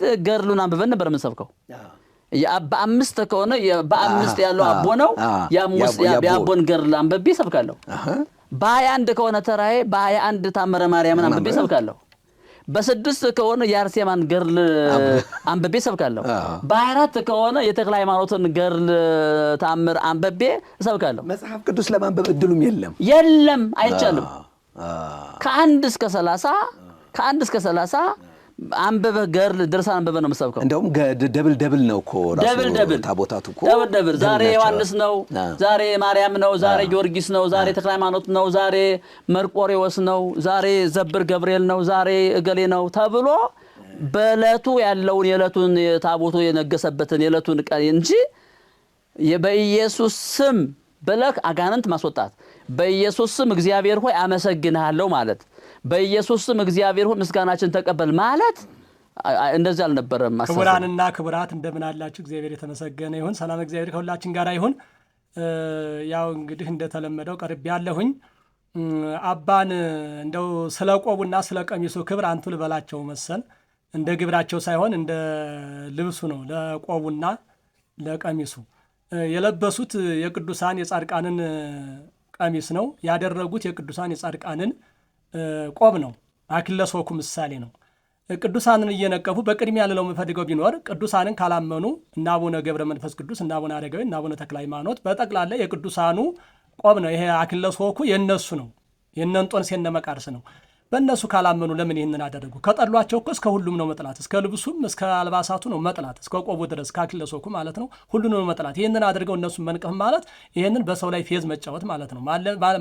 በፊት ገርሉን አንብበን ነበር የምንሰብከው። በአምስት ከሆነ በአምስት ያለው አቦ ነው። የአቦን ገርል አንበቤ ሰብካለሁ። በሀያ አንድ ከሆነ ተራዬ በሀያ አንድ ታምረ ማርያምን አንበቤ ሰብካለሁ በስድስት ከሆነ የአርሴማን ገርል አንበቤ ሰብካለሁ በሀያ አራት ከሆነ የተክለ ሃይማኖትን ገርል ታምር አንበቤ እሰብካለሁ። መጽሐፍ ቅዱስ ለማንበብ እድሉም የለም የለም፣ አይቻልም። ከአንድ እስከ ሰላሳ ከአንድ እስከ ሰላሳ አንበበ ገርል ድርሳን አንበበ ነው የምሰብከው። እንደውም ደብል ደብል ነው እኮ ደብል ደብል ታቦታቱ እኮ ደብል ደብል። ዛሬ ዮሐንስ ነው፣ ዛሬ ማርያም ነው፣ ዛሬ ጊዮርጊስ ነው፣ ዛሬ ተክለ ሃይማኖት ነው፣ ዛሬ መርቆሬዎስ ነው፣ ዛሬ ዘብር ገብርኤል ነው፣ ዛሬ እገሌ ነው ተብሎ በእለቱ ያለውን የዕለቱን ታቦቱ የነገሰበትን የለቱን ቀን እንጂ በኢየሱስ ስም ብለህ አጋንንት ማስወጣት፣ በኢየሱስ ስም እግዚአብሔር ሆይ አመሰግንሃለሁ ማለት በኢየሱስ ስም እግዚአብሔር ሆይ ምስጋናችን ተቀበል ማለት እንደዚህ አልነበረም። ክቡራንና ክቡራት እንደምን አላችሁ? እግዚአብሔር የተመሰገነ ይሁን። ሰላም እግዚአብሔር ከሁላችን ጋር ይሁን። ያው እንግዲህ እንደተለመደው ቀርቤ ያለሁኝ አባን እንደው ስለ ቆቡና ስለ ቀሚሱ ክብር አንቱ ልበላቸው መሰል እንደ ግብራቸው ሳይሆን እንደ ልብሱ ነው። ለቆቡና ለቀሚሱ የለበሱት የቅዱሳን የጻድቃንን ቀሚስ ነው። ያደረጉት የቅዱሳን የጻድቃንን ቆብ ነው። አክለሶኩ ምሳሌ ነው። ቅዱሳንን እየነቀፉ በቅድሚያ ልለው የምፈልገው ቢኖር ቅዱሳንን ካላመኑ እና አቡነ ገብረ መንፈስ ቅዱስ እና አቡነ አረጋዊ እና አቡነ ተክለ ሃይማኖት በጠቅላላ የቅዱሳኑ ቆብ ነው። ይሄ አክለሶኩ የነሱ ነው። የእነ እንጦንስ ነው። በእነሱ ካላመኑ ለምን ይህንን አደረጉ? ከጠሏቸው እኮ እስከ ሁሉም ነው መጥላት፣ እስከ ልብሱም እስከ አልባሳቱ ነው መጥላት፣ እስከ ቆቡ ድረስ ካክለሶኩ ማለት ነው ሁሉ ነው መጥላት። ይህንን አድርገው እነሱን መንቀፍ ማለት ይህንን በሰው ላይ ፌዝ መጫወት ማለት ነው።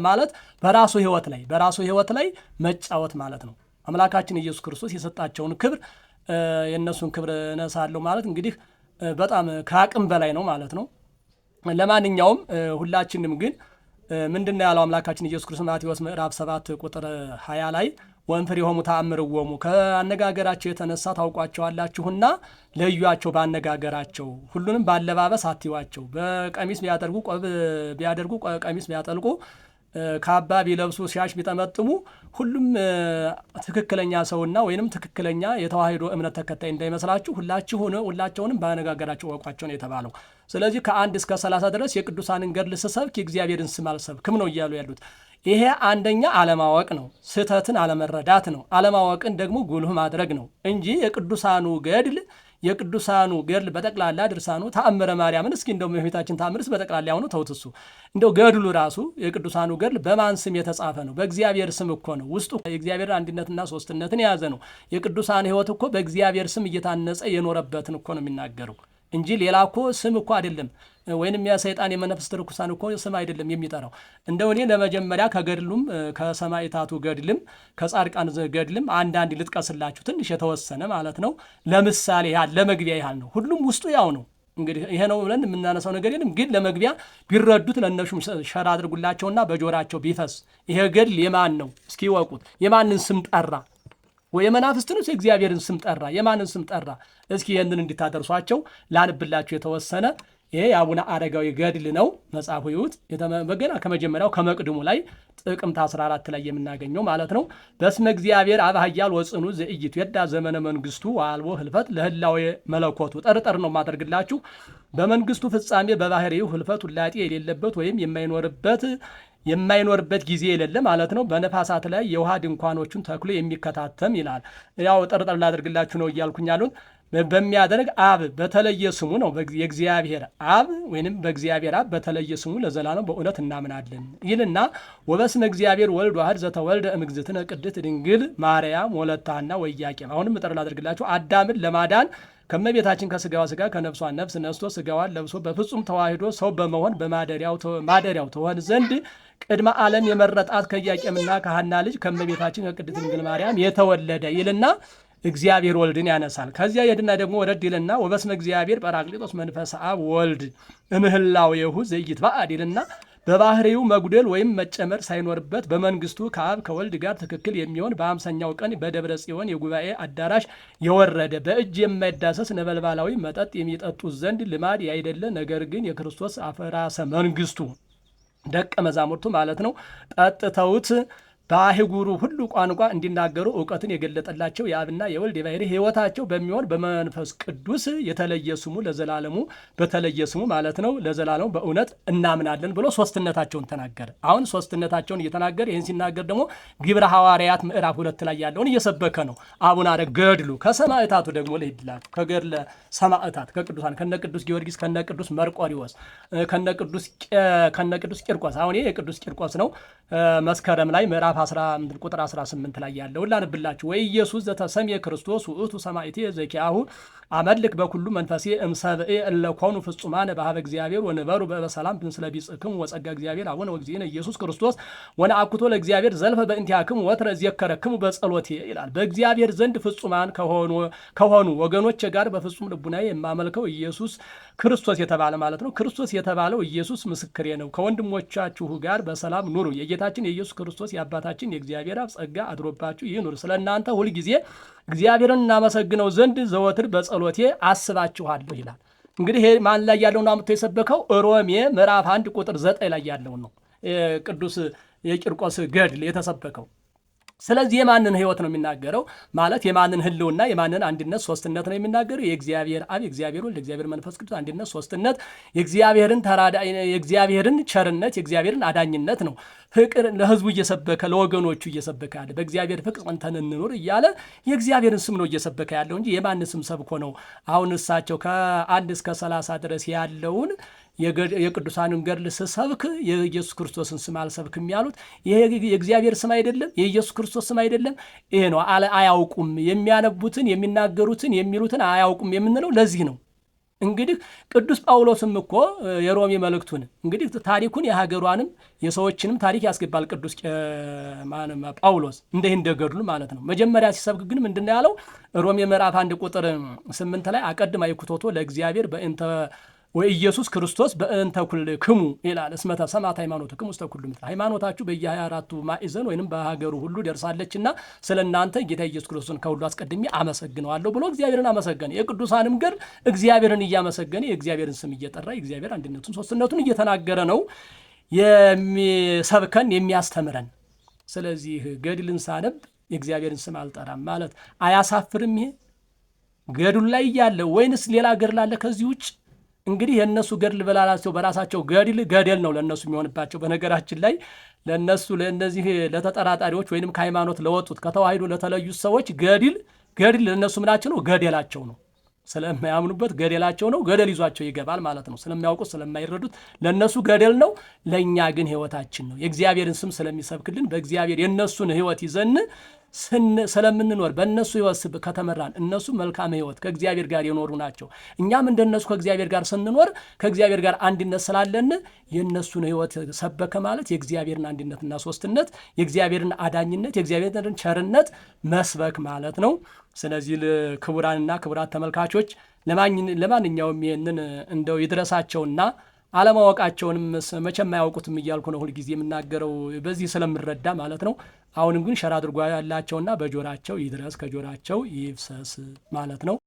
ማለት በራሱ ህይወት ላይ በራሱ ህይወት ላይ መጫወት ማለት ነው። አምላካችን ኢየሱስ ክርስቶስ የሰጣቸውን ክብር የእነሱን ክብር እነሳለሁ ማለት እንግዲህ በጣም ከአቅም በላይ ነው ማለት ነው። ለማንኛውም ሁላችንም ግን ምንድን ያለው አምላካችን ኢየሱስ ክርስቶስ ማቴዎስ ምዕራፍ 7 ቁጥር 20 ላይ ወንፍር ሆሙ ተአምር ወሙ ከአነጋገራቸው የተነሳ ታውቋቸዋላችሁና ለዩቸው፣ በአነጋገራቸው ሁሉንም ባለባበስ አትዩዋቸው። በቀሚስ ቢያደርጉ ቆብ ቢያደርጉ ቀሚስ ቢያጠልቁ ካባ ቢለብሱ ሲያሽ ቢጠመጥሙ ሁሉም ትክክለኛ ሰውና ወይንም ትክክለኛ የተዋህዶ እምነት ተከታይ እንዳይመስላችሁ ሁላችሁን ሁላቸውንም ባነጋገራቸው ወቋቸውን የተባለው። ስለዚህ ከአንድ እስከ ሰላሳ ድረስ የቅዱሳንን ገድል ስሰብክ የእግዚአብሔርን ስም አልሰብክም ነው እያሉ ያሉት። ይሄ አንደኛ አለማወቅ ነው፣ ስህተትን አለመረዳት ነው። አለማወቅን ደግሞ ጉልህ ማድረግ ነው እንጂ የቅዱሳኑ ገድል የቅዱሳኑ ገድል በጠቅላላ ድርሳኑ ተአምረ ማርያምን እስኪ እንደው የፊታችን ተአምርስ በጠቅላላ ያሁኑ ተውት። እሱ እንደው ገድሉ ራሱ የቅዱሳኑ ገድል በማን ስም የተጻፈ ነው? በእግዚአብሔር ስም እኮ ነው። ውስጡ የእግዚአብሔር አንድነትና ሶስትነትን የያዘ ነው። የቅዱሳን ሕይወት እኮ በእግዚአብሔር ስም እየታነጸ የኖረበትን እኮ ነው የሚናገረው። እንጂ ሌላ እኮ ስም እኮ አይደለም ወይንም ያ ሰይጣን የመናፍስት ርኩሳን እኮ ስም አይደለም የሚጠራው። እንደው እኔ ለመጀመሪያ ከገድሉም ከሰማይታቱ ገድልም ከጻድቃን ገድልም አንዳንድ ልጥቀስላችሁ ትንሽ የተወሰነ ማለት ነው። ለምሳሌ ያህል ለመግቢያ ያህል ነው። ሁሉም ውስጡ ያው ነው። እንግዲህ ይሄ ነው ብለን የምናነሳው ነገር የለም። ግን ለመግቢያ ቢረዱት ለእነሱም ሸራ አድርጉላቸውና በጆራቸው ቢፈስ ይሄ ገድል የማን ነው እስኪወቁት፣ የማንን ስም ጠራ ወይ የመናፍስትን እግዚአብሔርን ስም ጠራ፣ የማንን ስም ጠራ? እስኪ ይህንን እንዲታደርሷቸው ላንብላችሁ የተወሰነ ይሄ የአቡነ አረጋዊ ገድል ነው። መጽሐፉ ይሁት በገና ከመጀመሪያው ከመቅድሙ ላይ ጥቅምት 14 ላይ የምናገኘው ማለት ነው። በስመ እግዚአብሔር አብ ኃያል ወጽኑ የዳ ዘመነ መንግስቱ አልቦ ህልፈት ለህላዊ መለኮቱ ጠርጠር ነው የማደርግላችሁ በመንግስቱ ፍጻሜ በባህሪው ህልፈት ውላጤ የሌለበት ወይም የማይኖርበት የማይኖርበት ጊዜ የሌለ ማለት ነው። በነፋሳት ላይ የውሃ ድንኳኖቹን ተክሎ የሚከታተም ይላል። ያው ጠርጠር ላደርግላችሁ ነው እያልኩኝ ያሉት በሚያደርግ አብ በተለየ ስሙ ነው። የእግዚአብሔር አብ ወይም በእግዚአብሔር አብ በተለየ ስሙ ለዘላለም በእውነት እናምናለን ይልና ወበስነ እግዚአብሔር ወልድ ዋህድ ዘተወልደ እምግዝእትነ ቅድስት ድንግል ማርያም ወለታና ወኢያቄም። አሁንም ጠርጠር ላደርግላችሁ አዳምን ለማዳን ከመቤታችን ከስጋዋ ስጋ ከነፍሷ ነፍስ ነስቶ ስጋዋን ለብሶ በፍጹም ተዋህዶ ሰው በመሆን በማደሪያው ትሆን ዘንድ ቅድመ ዓለም የመረጣት ከኢያቄምና ከሐና ልጅ ከመቤታችን ከቅድስት ድንግል ማርያም የተወለደ ይልና እግዚአብሔር ወልድን ያነሳል። ከዚያ የድና ደግሞ ወረድ ይልና ወበስመ እግዚአብሔር ጰራቅሊጦስ መንፈስ አብ ወልድ እምህላው የሁ ዘይት ባዕድ ይልና በባህሪው መጉደል ወይም መጨመር ሳይኖርበት በመንግስቱ ከአብ ከወልድ ጋር ትክክል የሚሆን በአምሳኛው ቀን በደብረ ጽዮን የጉባኤ አዳራሽ የወረደ በእጅ የማይዳሰስ ነበልባላዊ መጠጥ የሚጠጡት ዘንድ ልማድ ያይደለ ነገር ግን የክርስቶስ አፈራሰ መንግስቱ ደቀ መዛሙርቱ ማለት ነው ጠጥተውት በአህጉሩ ሁሉ ቋንቋ እንዲናገሩ እውቀትን የገለጠላቸው የአብና የወልድ የባሕርይ ሕይወታቸው በሚሆን በመንፈስ ቅዱስ የተለየ ስሙ ለዘላለሙ በተለየ ስሙ ማለት ነው ለዘላለሙ በእውነት እናምናለን ብሎ ሶስትነታቸውን ተናገረ። አሁን ሶስትነታቸውን እየተናገረ ይህን ሲናገር ደግሞ ግብረ ሐዋርያት ምዕራፍ ሁለት ላይ ያለውን እየሰበከ ነው። አቡነ አረ ገድሉ ከሰማዕታቱ ደግሞ ልሂድላችሁ ከገድለ ሰማዕታት ከቅዱሳን ከነ ቅዱስ ጊዮርጊስ ከነ ቅዱስ መርቆሪዎስ ከነ ቅዱስ ቂርቆስ አሁን የቅዱስ ቂርቆስ ነው መስከረም ላይ ምዕራፍ ምዕራፍ 11 ቁጥር 18 ላይ ያለውን ላንብላችሁ። ወይ ኢየሱስ ዘተሰምየ ክርስቶስ ውእቱ ሰማዕቴ ዘኪያሁ አመልክ በኩሉ መንፈሴ እምሰብእ እለኮኑ ፍጹማነ ባህበ እግዚአብሔር ወንበሩ በሰላም ምስለ ቢጽሕክሙ ወጸጋ እግዚአብሔር አቡነ ወእግዚእነ ኢየሱስ ክርስቶስ ወነአኩቶ ለእግዚአብሔር ዘልፈ በእንቲአክሙ ወትረ እዜከረክሙ በጸሎቴ ይላል። በእግዚአብሔር ዘንድ ፍጹማን ከሆኑ ወገኖች ጋር በፍጹም ልቡናዬ የማመልከው ኢየሱስ ክርስቶስ የተባለ ማለት ነው። ክርስቶስ የተባለው ኢየሱስ ምስክሬ ነው፣ ከወንድሞቻችሁ ጋር በሰላም ኑሩ። የጌታችን የኢየሱስ ክርስቶስ የአባታችን የእግዚአብሔር አብ ጸጋ አድሮባችሁ ይኑር። ስለ እናንተ ሁልጊዜ እግዚአብሔርን እናመሰግነው ዘንድ ዘወትር በጸሎቴ አስባችኋለሁ ይላል። እንግዲህ ይሄ ማን ላይ ያለውን አምጥቶ የሰበከው ሮሜ ምዕራፍ አንድ ቁጥር ዘጠኝ ላይ ያለውን ነው። ቅዱስ የቂርቆስ ገድል የተሰበከው ስለዚህ የማንን ህይወት ነው የሚናገረው? ማለት የማንን ህልውና፣ የማንን አንድነት ሶስትነት ነው የሚናገረው? የእግዚአብሔር አብ፣ የእግዚአብሔር ወልድ፣ የእግዚአብሔር መንፈስ ቅዱስ አንድነት ሶስትነት፣ የእግዚአብሔርን ተራዳ የእግዚአብሔርን ቸርነት፣ የእግዚአብሔርን አዳኝነት ነው። ፍቅር ለህዝቡ እየሰበከ ለወገኖቹ እየሰበከ ያለ በእግዚአብሔር ፍቅር ጸንተን እንኑር እያለ የእግዚአብሔርን ስም ነው እየሰበከ ያለው እንጂ የማን ስም ሰብኮ ነው? አሁን እሳቸው ከአንድ እስከ ሰላሳ ድረስ ያለውን የቅዱሳንን ገድል ስሰብክ የኢየሱስ ክርስቶስን ስም አልሰብክም ያሉት ይሄ የእግዚአብሔር ስም አይደለም፣ የኢየሱስ ክርስቶስ ስም አይደለም። ይሄ ነው አያውቁም። የሚያነቡትን የሚናገሩትን የሚሉትን አያውቁም የምንለው ለዚህ ነው። እንግዲህ ቅዱስ ጳውሎስም እኮ የሮሜ መልእክቱን እንግዲህ ታሪኩን የሀገሯንም የሰዎችንም ታሪክ ያስገባል። ቅዱስ ጳውሎስ እንደ እንደገድሉ ማለት ነው። መጀመሪያ ሲሰብክ ግን ምንድን ያለው ሮሜ ምዕራፍ አንድ ቁጥር ስምንት ላይ አቀድማ ይኩቶቶ ለእግዚአብሔር በእንተ ወይ ኢየሱስ ክርስቶስ በእንተ ኩልክሙ ይላል እስመ ተሰማት ሃይማኖትክሙ ውስተ ኩሉ ምድር ሃይማኖታችሁ በየሀያ አራቱ ማዕዘን ወይንም በሀገሩ ሁሉ ደርሳለችና ስለ እናንተ ጌታ ኢየሱስ ክርስቶስን ከሁሉ አስቀድሜ አመሰግነዋለሁ ብሎ እግዚአብሔርን አመሰገነ። የቅዱሳንም ገር እግዚአብሔርን እያመሰገነ የእግዚአብሔርን ስም እየጠራ የእግዚአብሔር አንድነቱን ሶስትነቱን እየተናገረ ነው የሚሰብከን የሚያስተምረን። ስለዚህ ገድልን ሳነብ የእግዚአብሔርን ስም አልጠራም ማለት አያሳፍርም? ይሄ ገድሉ ላይ እያለ ወይንስ ሌላ ገድል አለ ከዚህ ውጭ? እንግዲህ የእነሱ ገድል በላላቸው በራሳቸው ገድል ገደል ነው ለእነሱ የሚሆንባቸው። በነገራችን ላይ ለእነሱ ለእነዚህ ለተጠራጣሪዎች ወይንም ከሃይማኖት ለወጡት ከተዋሂዶ ለተለዩት ሰዎች ገድል ገድል ለእነሱ ምናቸው ነው ገደላቸው ነው። ስለማያምኑበት ገደላቸው ነው። ገደል ይዟቸው ይገባል ማለት ነው። ስለማያውቁት ስለማይረዱት ለእነሱ ገደል ነው፣ ለእኛ ግን ህይወታችን ነው። የእግዚአብሔርን ስም ስለሚሰብክልን በእግዚአብሔር የእነሱን ህይወት ይዘን ስለምንኖር በእነሱ ሕይወት ከተመራን እነሱ መልካም ህይወት ከእግዚአብሔር ጋር የኖሩ ናቸው። እኛም እንደነሱ ከእግዚአብሔር ጋር ስንኖር ከእግዚአብሔር ጋር አንድነት ስላለን የእነሱን ህይወት ሰበከ ማለት የእግዚአብሔርን አንድነትና ሶስትነት፣ የእግዚአብሔርን አዳኝነት፣ የእግዚአብሔርን ቸርነት መስበክ ማለት ነው። ስለዚህ ክቡራንና ክቡራት ተመልካቾች ለማንኛውም ይህንን እንደው ይድረሳቸውና አለማወቃቸውንም መቼም አያውቁትም እያልኩ ነው ሁልጊዜ የምናገረው በዚህ ስለምረዳ ማለት ነው። አሁንም ግን ሸራ አድርጓላቸውና በጆራቸው ይድረስ ከጆራቸው ይፍሰስ ማለት ነው።